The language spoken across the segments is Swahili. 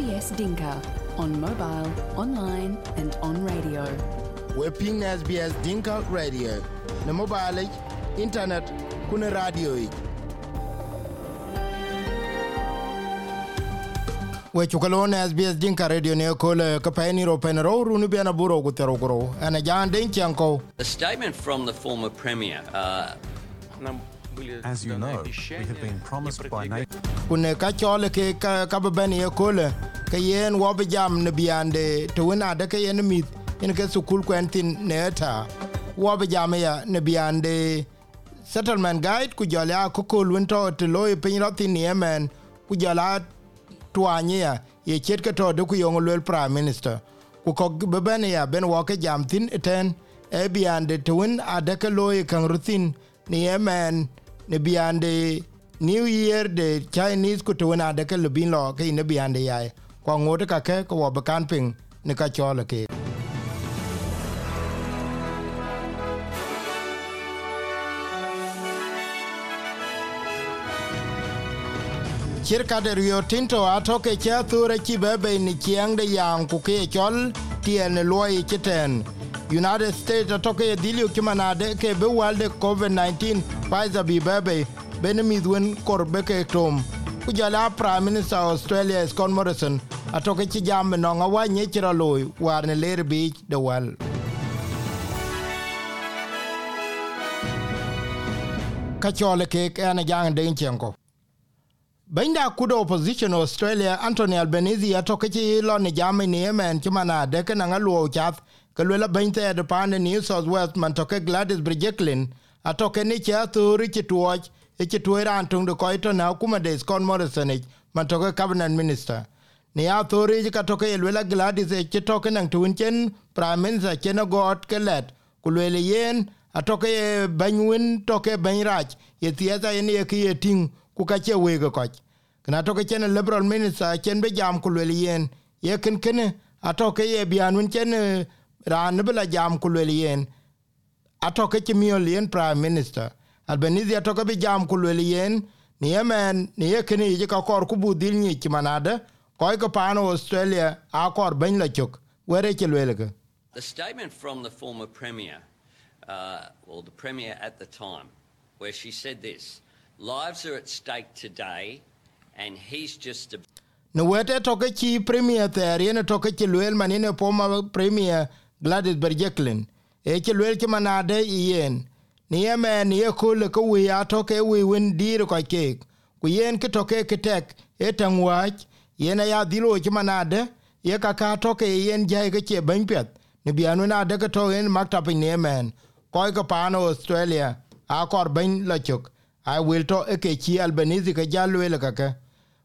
SBS Dinka on mobile, online and on radio. We're ping SBS Dinka Radio. Na mobile, internet, kuna radio. we chukalo na SBS Dinka Radio ne ko le kapeni ro pen ro ru ni buro ku tero ana jan den chanko a statement from the former premier uh, As you know, we have been promised by NATO. Kune ka ke ka ba ke yen wo be jam ne biande to wona de ke yen mi en ke sukul kwen tin ne ta wo be jam ya ne biande settlement guide ku jala ku ko lun to to loy pin ro tin yemen ku jala tuanya ye chet ke to de ku yong lol prime minister ku ko be ben ya ben wo ke jam tin ten e biande to won adeke loy kan rutin ni yemen ne biande new year de chinese ku to wona adeke lubin lo ke ne biande yae kwa ngode ka ke ko ba kan ping ne ka chole ke shirka de rio tinto atoke cha thure chi bebe ni chiang de yang ku ke chol tien loi chiten United States atoke ye dilio kimanade ke be walde COVID-19 Pfizer bi bebe bene midwen kor beke tom ku a prime minister australia scott morrison atoke ci jam no nga wa nye chira loy war ne ler bi de wal ka chole ke eh, jang de chenko Bainda kudo opposition Australia Anthony Albanese atoke ci lɔ ni jam ni yemen ci mana de kana nga luo chath ke lwela bainte ya depande New South west man toke Gladys Berejiklian atoke ni cha thuri ci tuoch eke tuoi ran tung de koito na kuma de Scott Morrison ich man toke cabinet minister ne ya thori ji ka toke elwela Gladys eke toke nang tuun chen prime minister chen a got ke let kulwele yen a toke ye banyuin toke banyrach ye thieta yen ye ki ting kuka che wege koch kana toke chen liberal minister chen be jam kulwele yen ye ken kene a toke ye bianun chen eh, ran bela jam kulwele yen a toke chimiol yen prime minister albanithi atoke bi jam ku luel yen ni yemen ni ye kene ye ka kor ku budil ni ki manade ko pano australia a kor ben la chok were ke luelge the statement from the former premier uh, well the premier at the time where she said this lives are at stake today and he's just a ne wete toke chi premier there. ter yene toke chi luel manine poma premier Gladys Berjeklin e chi luel ki manade yen ni ye mɛn ni ye kol ke wii a tɔke wii wen diir kɔc keek ku yen ke tɔke ke tɛk e tɛŋ waac yen aya dhil ooc manade ye kaka tɔke ye yen jai ke cie bɛny piɛth ni bian wen ade ke tɔ yen mak tapiny ni ye mɛn kɔc ke paan australia a kɔr bɛny lɔ cök ai wel tɔ e ke ci albanithi ke ja lueele keke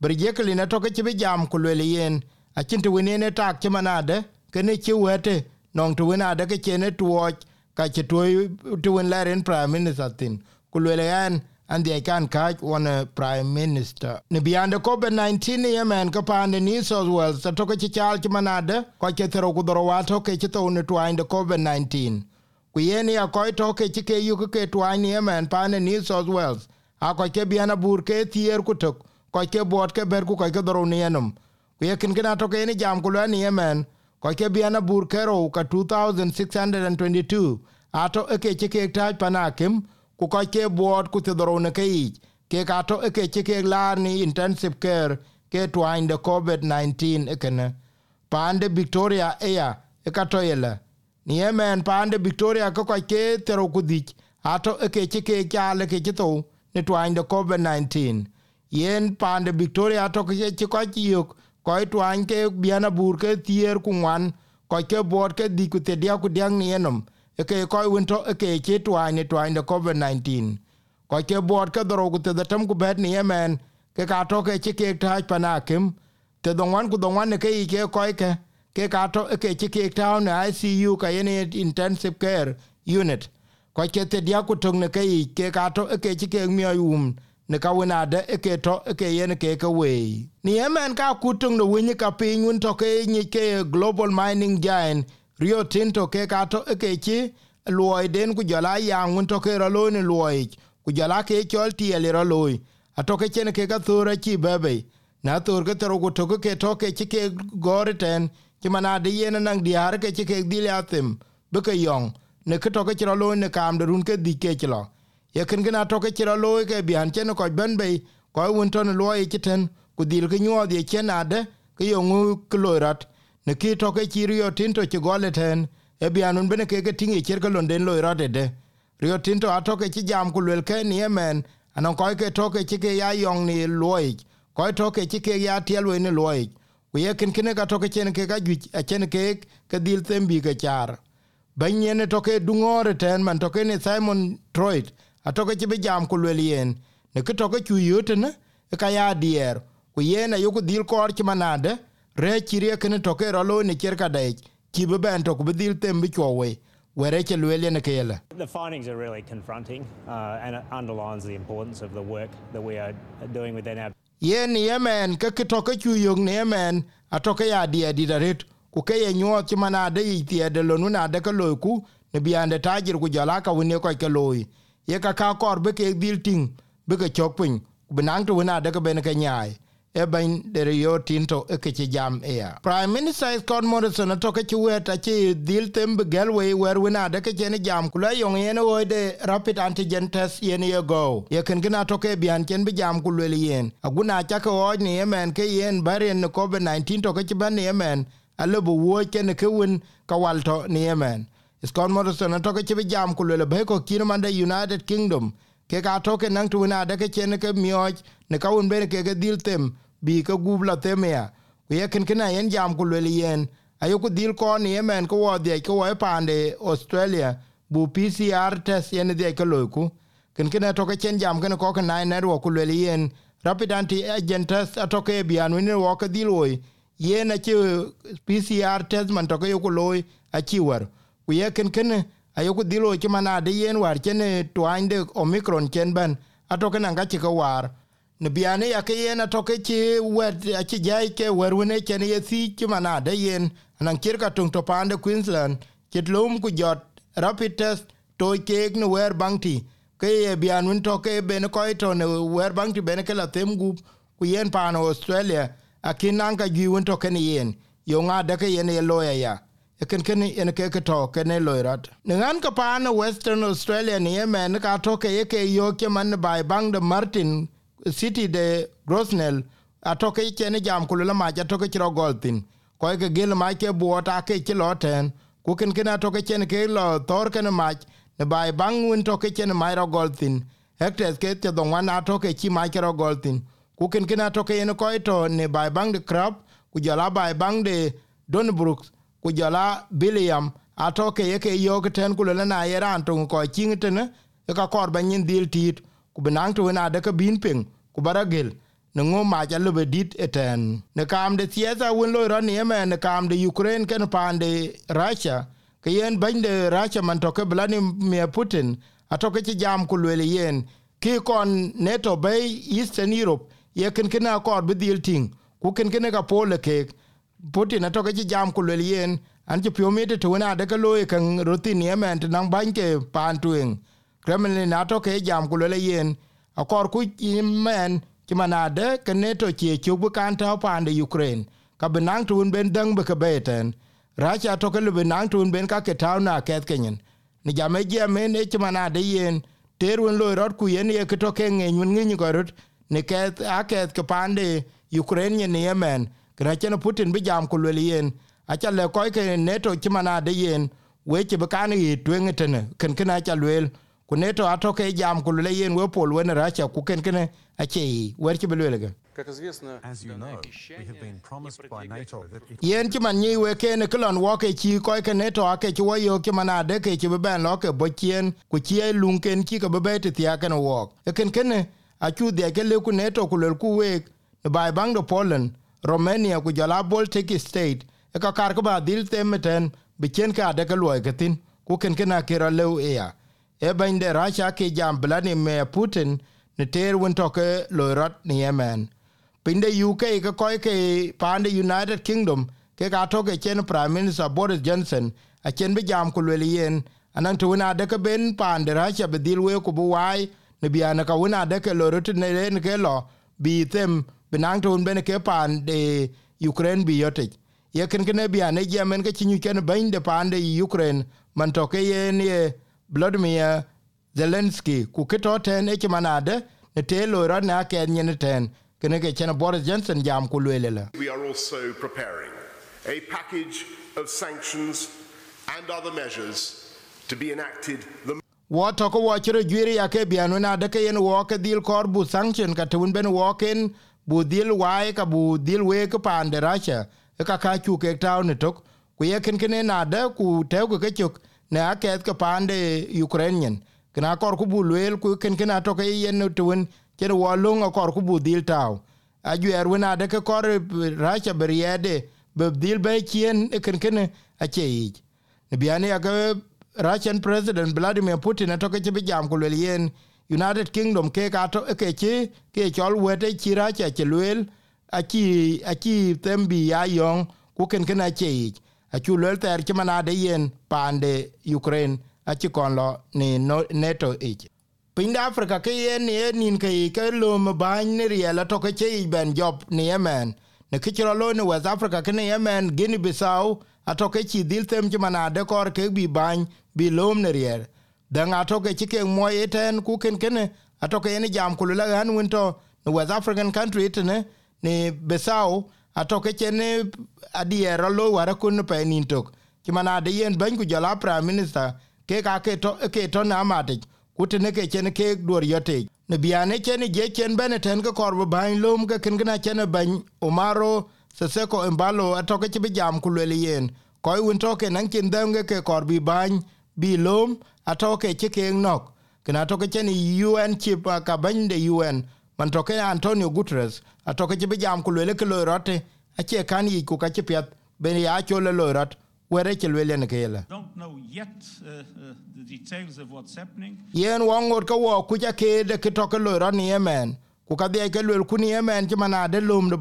birjekelin atɔke ci bi jam ku lueele yen acin te wen yen e taak ci manade ke ne ci wɛte nɔŋ te wen ade ke cien e tuɔɔc ka ci tuoi tuwen laren prime minister thin ku luele an andhi kan kaac eh, prime minister ne biande covid-19 yemen ke paande new south wales ta toke ci caal ci manade kɔc thero ku dhoro waa toke ci thou ne tuany de covid-19 ku yen ya kɔc toke ci ke yuk ke tuany ni yemen paande new south wales akɔc ke bian abuur ke thier ku tök kɔc ke buɔt ke ber ku kɔc ke dhorou ni yenom ku yekin kena toke jam ku luɛ ni yemen koike biana bur kero ka 2622 ato eke chike taj panakim ku koike buot ku thidorone ke ich ke kato eke chike lar ni intensive care ke twain de COVID-19 ekene. Pande Victoria Air ekatoyele. Ni emen pande Victoria ko koike tero kudich ato eke chike chale ke chito ni twain de COVID-19. Yen pande Victoria ato ke chike yuk koi tuany ke biana bur ke thier ku ŋuan kɔc ke bɔɔt ke dhic ku thiɛk diak ku diaŋ ni enom eke kɔc wen tɔ eke ci tuany ne tuany de covid-19 kɔc ke bɔɔt ke dhorou ku thiɛth atöm ku bɛt ni emɛn ke ka tɔ ke ci keek taac pana te dhoŋuan ku dhoŋuan eke yic ke kɔcke ke ka tɔ eke ci keek taau ne icu ka intensive care unit kɔc ke thiɛk diak ku töŋ ne ke yic ke ka tɔ eke ci keek miɔc wum ne ka wen ade e ke to e ke yen e ke ke we ni emen ka kutung no win ka pin un to ke ni ke global mining giant rio tinto ke ka to ke chi loy den ku jala ya un to ke ro ni loy ku jala ke chol ti ele ro loy to ke chen ke ka thura chi bebe na thur ke tro ku to ke to ke chi ke gore ten ki mana de yen nang diar ke chi ke dilatim be ke yong ne ke to ke ro loy ne kam de run ke di ke lo ye kin gina to ke chiro loy ke bian chen ko ben be ko un ton loy kiten ku dir ke nyo de chen ade ke yo ngu klorat ne ki to ke to tinto gole ten e bian un bene ke ke tin tingi cher ko den loy rade de rio tinto to ke chi jam ku lel ke ni e men anon ko ke to ke ke ya yong ni loy ko to ke ke ya tielo ni loy ku ye kin kin ga to ke e chen ke ga gi a chen ke ke dir tem bi ke char banyen to ke dungore ten man to ke ni Simon Troit atoke ci bi jam ku luel yen ne ke toke cu yotene ka ya dier ku yen ayoku dhil kor ci manade re ci ne toke ro loi ne cer kadeic ci bi ben to ku bi dhil them bi cuɔ wei e The findings are really confronting uh, and it underlines the importance of the work that we are doing within our yen yemen ke ke toke chu yog ne yemen atoke ya di didaret ku ke ye nyuo ti mana de yi tie de lonu na de ke loku ne biande tajir ku jala ka wini ko ke loyi ye ka ka kor be ke dil ting be ke chok pin benang tu na de ke ben ke nyai e ben de yo tinto e ke jam e ya prime minister Scott Morrison to ke chuet a chi dil tem be galway wer wina de ke chen jam kula yong yen o de rapid antigen test yen ye go ye ken gna to ke bian chen be jam kule yen aguna cha ko ni yemen ke yen baren covid 19 to ke ben yemen a lobu wo ken ke win ka wal to ni yemen Scott Morrison atoke chibi jam kulele beko kirmanda United Kingdom ke ka toke nang tuwina adake chene ke mioj ne ka unbene them bi ke gubla them ya. Kuye kinkina yen jam kulele yen ayoku dhil koni yemen ko wadhi ke pande Australia bu PCR test yen dhia ke loiku. Kinkina toke chen jam kene koke nine network kulele yen rapid anti-agent test atoke bian wini woke dhil woi yen achi PCR test man toke yoku loi achiwaru ku ye ken ken ayo ku dilo ci mana de yen war chen eh, twande omicron chen ban atoke na ngachi ko war ne biane ya ke yen atoke ci wet ci jai ke werune chen ye thi ci mana de yen nan kirka tung to pande queensland ket lom ku jot rapid test to ke ne wer bangti ke ye bian un to ke ben ko to ne wer bangti ben ke la tem gup ku yen pano australia akinanga gi un to ken yen yo nga de ke yen ye loya ya ken ken en ke ke to ke ne loirat ne ngan ka pa na e western australia ni yemen ka to ke ye ke yo ke man bai bang de martin city de grosnell a to ke ke ne jam kulu ma ja to ke ro goltin ko ke gel ma ke bo ta ke ke lo ten ku ken ken a to ke ken ke lo tor ken ma ne bai bang un to ke ken ma ro goltin hektes ke te do wana to ke ki ma ke ro goltin ku ken ken a to ke ne ko to ne bai bang de crab ku ja la bai bang de donbrook ku biliam atoke yeke ke yo ke ten na ye raan to ko ching tene e ka kor ba nyin dil tit ku benang to na de ke bin ping ku gel ne ngo ma ja lo bedit eten ne kam de tieza won lo ran ne kam de ukraine ken pande russia ke yen bende russia man to ke vladimir putin atoke ti jam ku le yen ki kon neto bay eastern europe ye kenkene akɔr bi dhil tiŋ ku ken ken ka pole kek Putin atoke ci jam ku lel yen an ci pyo mede to na de ka loy kan rutin yemen ke pan tuing kremlin atoke jam ku lel yen akor ku yemen ci manade ke neto ci ci bu kan ta pan de ukraine ka benang ben dang be ka beten racha toke le benang tun ben ka ke na ket kenyen ni jame jame ne ci manade yen terun loy rot ku yen ye ke toke ngenyun ngi ne ket aket ke pande ukraine ne yemen kra chen putin bi jam ku le yen acha le ko ke neto ti mana de yen we ti kan yi twen tene ken ken acha le ku neto atoke jam ku le yen we pol we na acha ku ken ken ache yi wer ti le ga yen ci man nyi we kene kelon wo ke ci ko ke ne to ake ci wo yo ke mana de ke ci be ben lo ke bo chien ku ci e lun ken ci ke be te ya ken wo e ken ken a chu de ke le ku neto ku le ku we ne bai bang do polen Romania ku jala Baltic State e ka kar ko ba dil temeten bichen ka de kelo eketin ku ken kena kera leu ea. E, e bende Russia ke jam Vladimir Putin ne ter win toke loirat ni Yemen. Pinde UK ke koi ke pande United Kingdom ke ka toke chen Prime Minister Boris Johnson a chen bi jam ku lweli yen anan tu wina deke ben pande Russia be dil we ku buwai ne biana ka wina deke loirat ne ren ke lo bi them benang to bene ke pan de Ukraine bi yote ye ken ken bi ane jamen ke chinyu ken bain de pan de Ukraine man to ke yen ye Vladimir Zelensky ku ke to ten e ke manade ne te lo ro na ke ne ten ken ke chen Boris Johnson jam ku le le we are also preparing a package of sanctions and other measures to be enacted the wo toko wo chiro jwiri ya ke bianu na de ke yen wo ke dil bu sanction ka tun ben wɔken bu dhil wai ka bu dhil wek paande racha ka ka chu ke tau ne tok ku ye ken ken e na da ku te ku ke chuk ne a ke ka paande ukrainian kna kor ku bu lel ku ken ken to ke ye ne tun ken wo lu ngo kor ku bu dhil tau a gyer we na da ke kor racha beriede be dhil be chien e ken ken a che yi ne biane ya ke Russian President Vladimir Putin atoke chibi jam kulwel yen united kingdom ke ka to ke chi ke chol wete chira cha chelwel a chi a chi tembi ya yong ku ken ken a chi a chu lel ter chi mana de yen pande ukraine a chi kon lo ni neto ich piny da afrika ke yen ni e nin ke ke lo m ban ni ri ala to ke chi ben job ni yemen ne ke chro lo ni west africa ke ni yemen gini bisau a to ke chi dil tem chi mana de kor ke bi ban bi lom ne rier a toke chike mo eten ku ken kene atoke ene jam kulula han winto no West African country it ne ne Besau atoke chene adiera lo wara kun pe nintok kimana de yen ben ku jala prime minister ke ka ke to ke to na mate kutene ke chene ke dur yote ne biane chene je chen bene ten ko korbo bain lom ke ken gna chene ben Omaro Seseko Embalo atoke chibi jam kulele yen koy win toke nan kin denge ke korbi bain bi lom atoke ke ke nok kena toke chen UN chip uh, ka bende UN man toke Antonio Guterres atoke ke bijam ku lele eh, ke a che kan yi ku ka chipet ben ya chole loyrot were ke lele ne kele yen wongot ka wo ku ja ke de ke toke loyrot ni yemen ku ka de ke lele ku ni yemen ti de lum do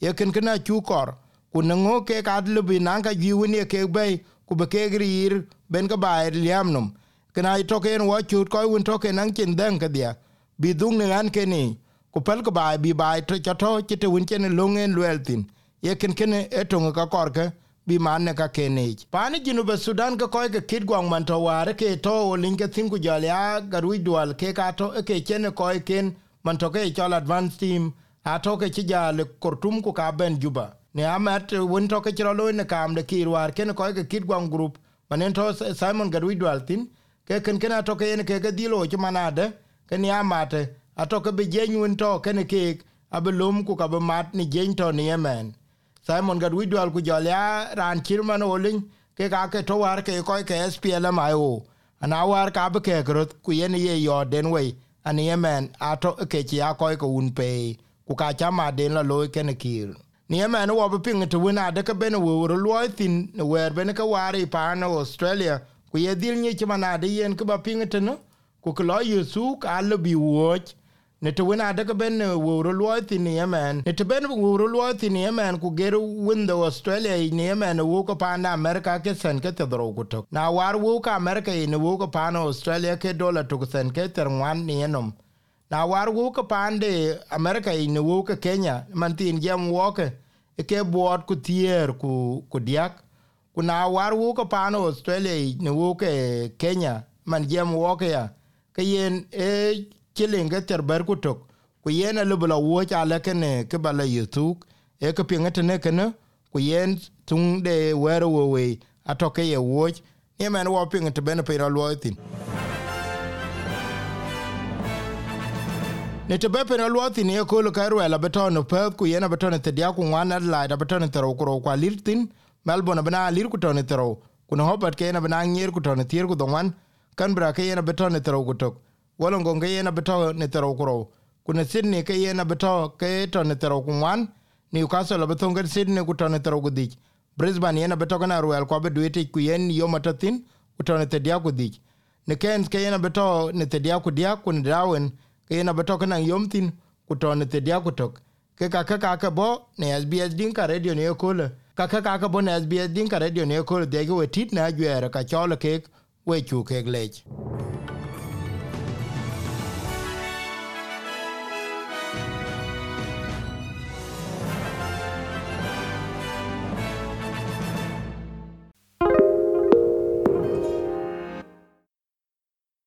ye ken kena kor ku nango ke kadlubi nanka jiwini ke bay ku be ke riir ben ka baer liamnum kana i token wa chut ko un token an kin den ka dia bi dung ne an ke ku pel ka bai bi bai to cha to ti te un chen luɛɛl weltin ye ken ken e to ka kor ke bi man ne ka ke ni pa ni ginu be sudan ka ko ke kid gwang man to ware ke to o lin ke tin ku jɔl ya garu dual ke ka to e ke chen ko ken man to ke chol advance team a to ke ti ja le kortum ku ka bɛn juba ne amat eh, won to ke loy ne kam de kir war ken ko ke kid gwam group manen to simon garwi dwal ke ken ken to ke ke ke dilo ti manade ken ya eh, atoke be jen won to ken ke abe ku ka be mat ni jen to ni yemen simon garwi dwal ku jolya ran kirman olin ke ka ke to war ke ko ke spl ma ana war ka be ke grot ku yen ye yo den ani yemen ato ke ti akoy ko un ku ka chama den la loy ken kir ni emɛn wɔ bi piŋ te wen adeke ben wewor luɔi thin ne wɛɛr ben ke waar paane australia ku ye dhil nyic ci man ade yen ke ba piŋ tene ku ke lɔ ye thuuk a lebi wuɔc ne te wen adeke ben ne wewor luɔi thin ni emɛn ne te ben wewor luɔi thin ni emɛn ku ger wen dhe australia yic ni emɛn wou ke paan de amerika ke thɛn ke thedhorou ku tök na waar wou ke amerika yic ne wou ke paane australia ke dola tok thɛn ke ther ŋuan ni enom na war wo ke pande america in wo ke kenya man tin jam woke ke ke board ku tier ku ku diak ku na war wo ke australia in wo ke eh, kenya man jam wo ke ya ke yen e eh, kilinga ter ber ku tok ku yen a lubula wo cha le ke ke bala yutuk e eh, ke pinga tene ke ku yen tung de wero wo we atoke ye wo yemen wo pinga te pe ro lo tin ne te bepe na luoti ne ko lo kairo la beton no pe ku yena beton te dia ku ngana la da beton te ro ku kwa lirtin melbourne bana lir ku ton te ro ku no hobat ke na bana ngir ku ton tier ku wan kan bra ke yena beton te ro ku tok wolon go ke yena beton te ro ku ro ku ne sydney ke yena beton ke ton te ro ku wan ni ngwan newcastle beton ke sydney ku ton te ro ku dik brisbane yena beton na ruel ko be duete ku yen yo mata tin ku ton te dia ku dik ne ken ke yena beton ne te dia ku dia ku ne dawen kena betok na yom tin kutone te dia kutok ke ka ka ka ka bo ne SBS din ka radio ne kole ka ka ka ka bo ne SBS din ka radio ne kole de go tit na gyer ka chole ke we chu ke glech